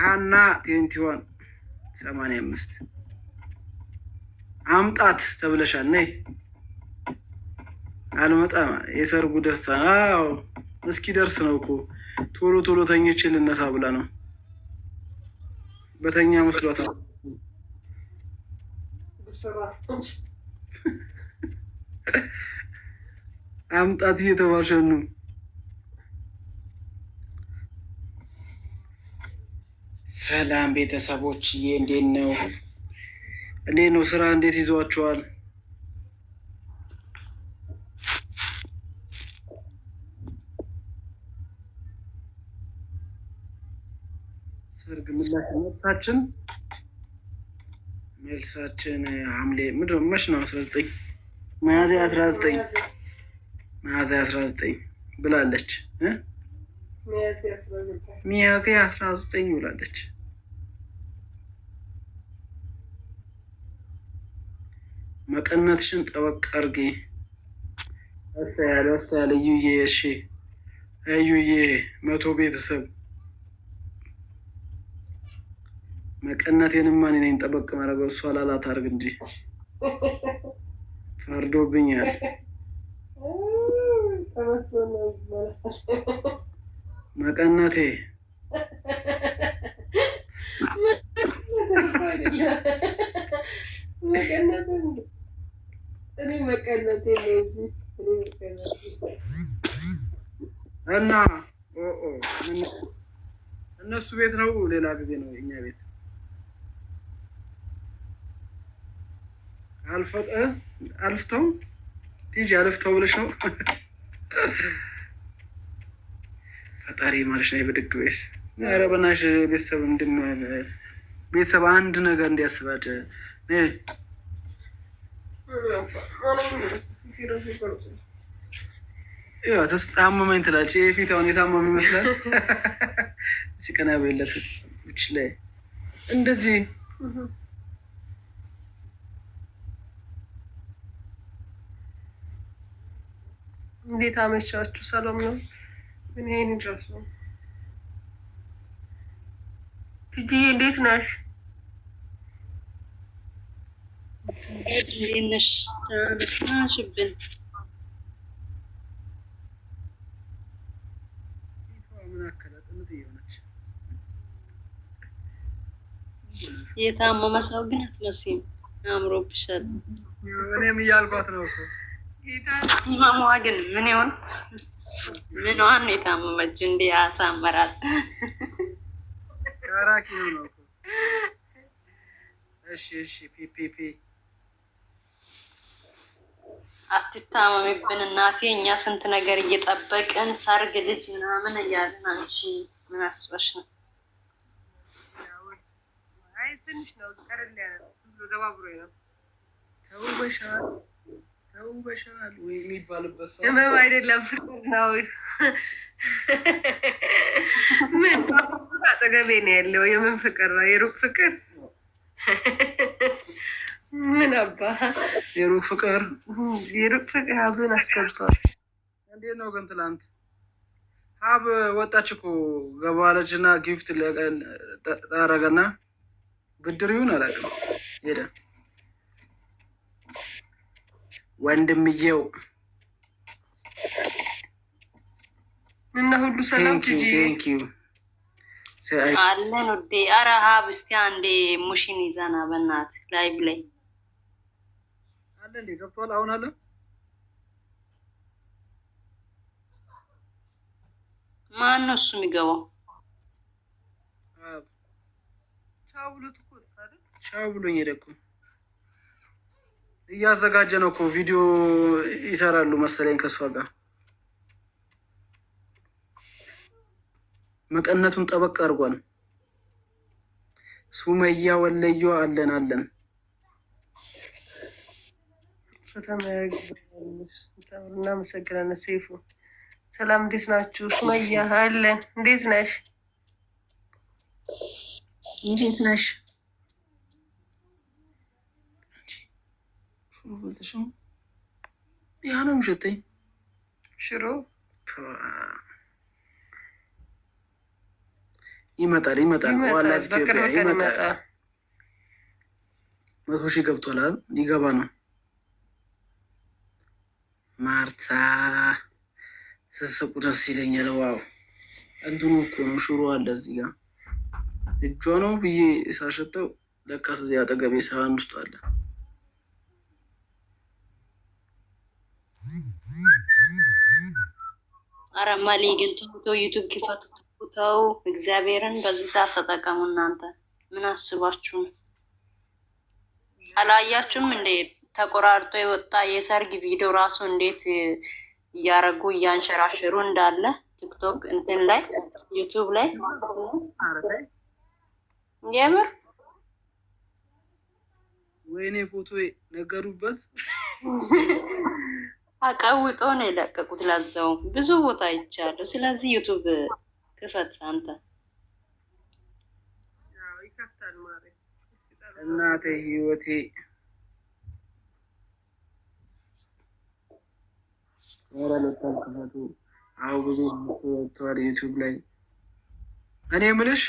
ሀና ቴንቲዋን ሰማንያ አምስት አምጣት ተብለሻል። ነይ አልመጣም። የሰርጉ ደስታ ነው ደርስ ነው እኮ ቶሎ ቶሎ ተኝቼ ልነሳ ብላ ነው። በተኛ መስሏት አምጣት እየተባሸኑ ሰላም ቤተሰቦችዬ፣ እንዴት ነው? እንዴት ነው? ስራ እንዴት ይዟችኋል? ሰርግ ምላሽ መልሳችን መልሳችን ሐምሌ ምድ ነው? መች ነው? አስራ ዘጠኝ መያዜ አስራ ዘጠኝ መያዜ አስራ ዘጠኝ ብላለች። ሚያዜ አስራ ዘጠኝ ብላለች። ቀናትሽን ጠበቅ አርጊ። አስተያለ አስተያለ እዩዬ፣ እሺ እዩዬ፣ መቶ ቤተሰብ መቀነት የንማን ነኝ ጠበቅ ማድረገው። እሷ ላላት አርግ እንጂ ፈርዶብኛል። መቀነቴ እና እነሱ ቤት ነው፣ ሌላ ጊዜ ነው እኛ ቤት አልፍተው ቲጂ አልፍተው ብለሽ ነው ፈጣሪ ማለሽ ነው። የብድግ ቤት ኧረ በናትሽ ቤተሰብ እንድን ቤተሰብ አንድ ነገር እንዲያስባድ አመመኝ ትላለች። ይህ ፊት አሁን የታመመ ይመስላል። ሲቀና በለት ች ላይ እንደዚህ እንዴት አመሻችሁ? ሰላም ነው። እኔ ንጃሱ ትጂዬ እንዴት ነሽ? ሽብን የታመመ ሰው ግን አምሮ አምሮብሻል። እኔም እያልኳት ነው እኮ ግን ምን ይሆን ምን ዋን የታመመች እንዲ ያሳመራል። ራኪ ነው። እሺ እሺ ፒፒፒ አትታመምብን እናቴ፣ እኛ ስንት ነገር እየጠበቅን ሰርግ፣ ልጅ ምናምን እያልን አንቺ ምን አስበሽ ነው? ትንሽ ነው፣ ቀለል ያለ ነው። ነው ተውበሻል፣ ተውበሻል ወይ የሚባልበት ሰው ህመም አይደለም ፍቅር ነው። ምን አጠገቤ ነው ያለው? የምን ፍቅር ነው? የሩቅ ፍቅር ምን አባ የሩቅ ፍቅር የሩቅ ፍቅር ሀብን አስገብቷል። እንዴት ነው ግን ትላንት ሀብ ወጣች እኮ ገባለች እና ጊፍት ታረገና ብድር ይሁን አላውቅም። ሄደ ወንድምዬው እና ሁሉ ሰላም አለን ውዴ። ሀብ አንዴ ሙሽን ይዘና በናት ላይ ገብቷል። አሁን አለ ማን ነው እሱ የሚገባው? ቻው ብሎኝ ሄደ እያዘጋጀ ነው እኮ ቪዲዮ ይሰራሉ መሰለኝ ከእሷ ጋር መቀነቱን ጠበቅ አድርጓል። ሱመያ ወለዮ አለን አለን እናመሰግናለን። ሴፉ ሰላም፣ እንዴት ናችሁ? ሱመያ አለን፣ እንዴት ነሽ? እንዴት ነሽ? ያ ነው የሚሸጠኝ ሽሮ ይመጣል ይመጣል ዋላይፍ ኢትዮጵያ ይመጣል። መቶ ሺህ ገብቷላል ሊገባ ነው። ማርታ ስትስቁ ደስ ይለኛል። ዋው እንትኑ እኮ ነው ሽሮ አለ እዚህ ጋር እጇ ነው ብዬ ሳሸተው ለካስ እዚህ አጠገቤ ሳህን ውስጥ አለ። አረ ማሊ ግን ዩቱብ ክፈት እግዚአብሔርን በዚህ ሰዓት ተጠቀሙ። እናንተ ምን አስባችሁ ነው? አላያችሁም እንዴ ተቆራርጦ የወጣ የሰርግ ቪዲዮ ራሱ እንዴት እያረጉ እያንሸራሸሩ እንዳለ ቲክቶክ እንትን ላይ ዩቱብ ላይ የምር ወይኔ ፎቶ ነገሩበት አቀውጦ ነው የለቀቁት። ላዛው ብዙ ቦታ ይቻለሁ። ስለዚህ ዩቱብ ክፈት አንተ እናቴ ህይወቴ ኧረ ክፈቱ። አዎ ብዙ ተዋል ዩቱብ ላይ እኔ ምልሽ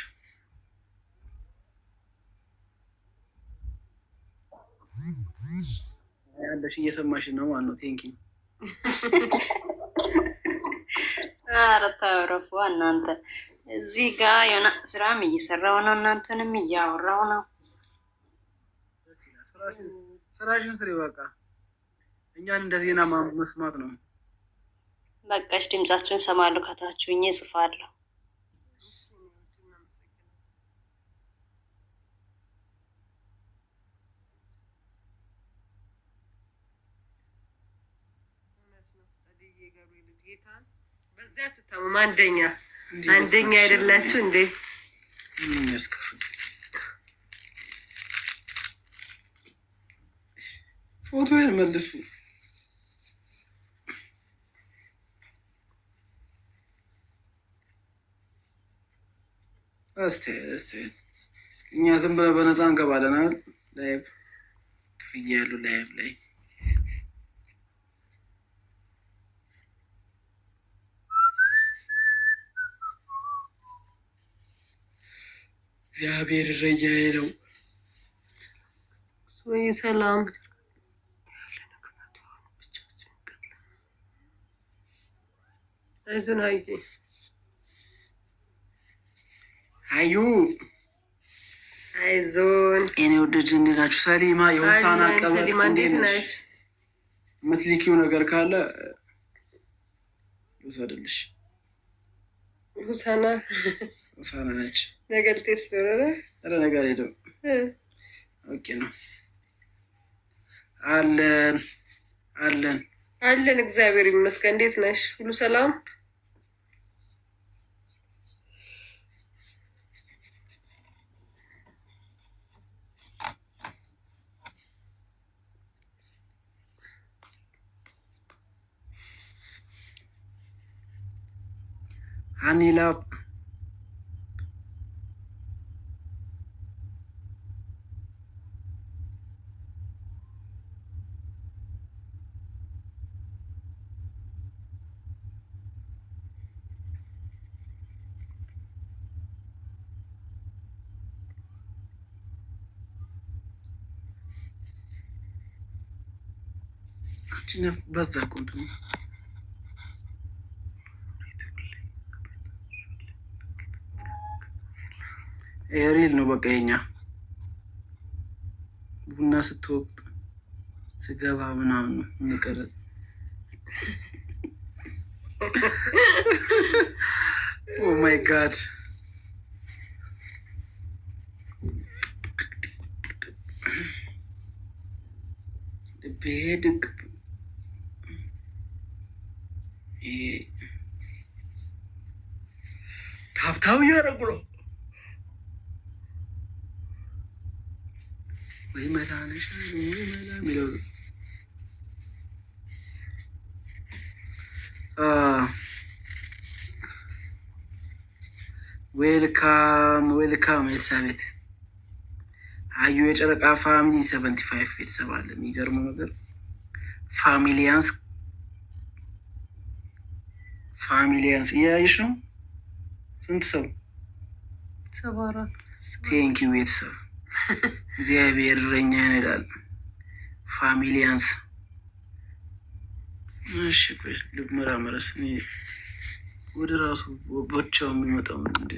ያለሽ እየሰማሽ ነው ማለት ነው። ቴንኪ ኧረ ተረፉ እናንተ። እዚህ ጋ የሆነ ስራም እየሰራው ነው፣ እናንተንም እያወራው ነው። ስራሽን ስሪ በቃ፣ እኛን እንደ ዜና መስማት ነው። በቃሽ ድምጻችሁን ሰማለሁ፣ ከታችሁ ጽፋለሁ። እጽፋለሁ። በዛ ትታመም አንደኛ አንደኛ አይደላችሁ እንዴ? ያስከፍል ፎቶ መልሱ። እስቲ እስቲ እኛ ዝም ብለህ በነፃ እንገባለን አይደል? ላይቭ ክፍያ ያሉ ላይቭ ላይ እግዚአብሔር እረኛዬ ነው። ወይ ሰላም አይዞህ አዩ አይዞን እኔ ወደጅ እንዲላችሁ ሰሊማ የሆሳና ቀበት እንዴት ነሽ? የምትልኪው ነገር ካለ ልውሰድልሽ ሆሳና ሳናነች ነገልጤስ ረ ነገር ሄደው ኦኬ ነው አለን አለን አለን እግዚአብሔር ይመስገን። እንዴት ነሽ? ሁሉ ሰላም ሀኒላፕ ይችኛል በዛ ቁጥሩ ሪል ነው። በቃ የኛ ቡና ስትወቅጥ ስገባ ምናምን ነው የሚቀረጽ። ኦ ማይ ጋድ ልቤ ድግ ታብታብ እያደረጉ ነው። ወይ መላነሻ ወይ መላ የሚለው ዌልካም ዌልካም ኤልሳቤት አዩ የጨረቃ ፋሚሊ ሰቨንቲ ፋይቭ ቤተሰብ አለ። የሚገርመው ነገር ፋሚሊያንስ ፋሚሊያንስ እያያየሽ ነው። ስንት ሰው ቴንኪው ቤተሰብ እግዚአብሔር እረኛ ይላል። ፋሚሊያንስ እሺ፣ ቆይ ልመራመረስ ወደ ራሱ ቦቻው የሚመጣው እንደ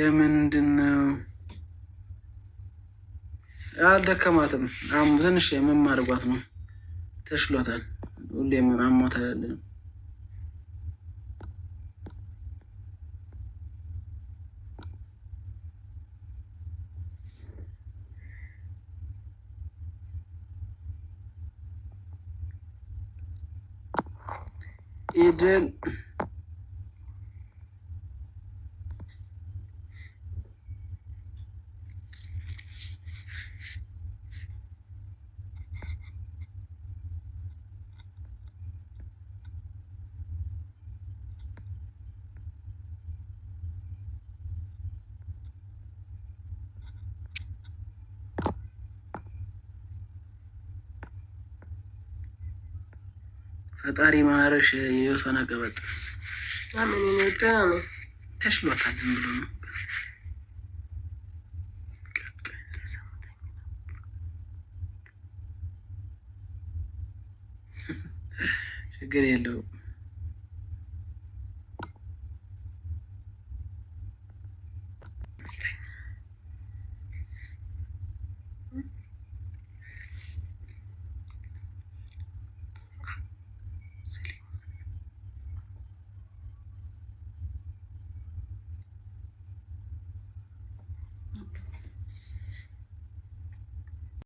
ለምንድን ነው አልደከማትም? ትንሽ የመማርጓት ነው ተሽሏታል። ሁሌም አሟታል ያለ ኢድን ፈጣሪ ማረሽ። የወሰነ ቀበጥ ተሽሏታል። ዝም ብሎ ነው ችግር የለውም።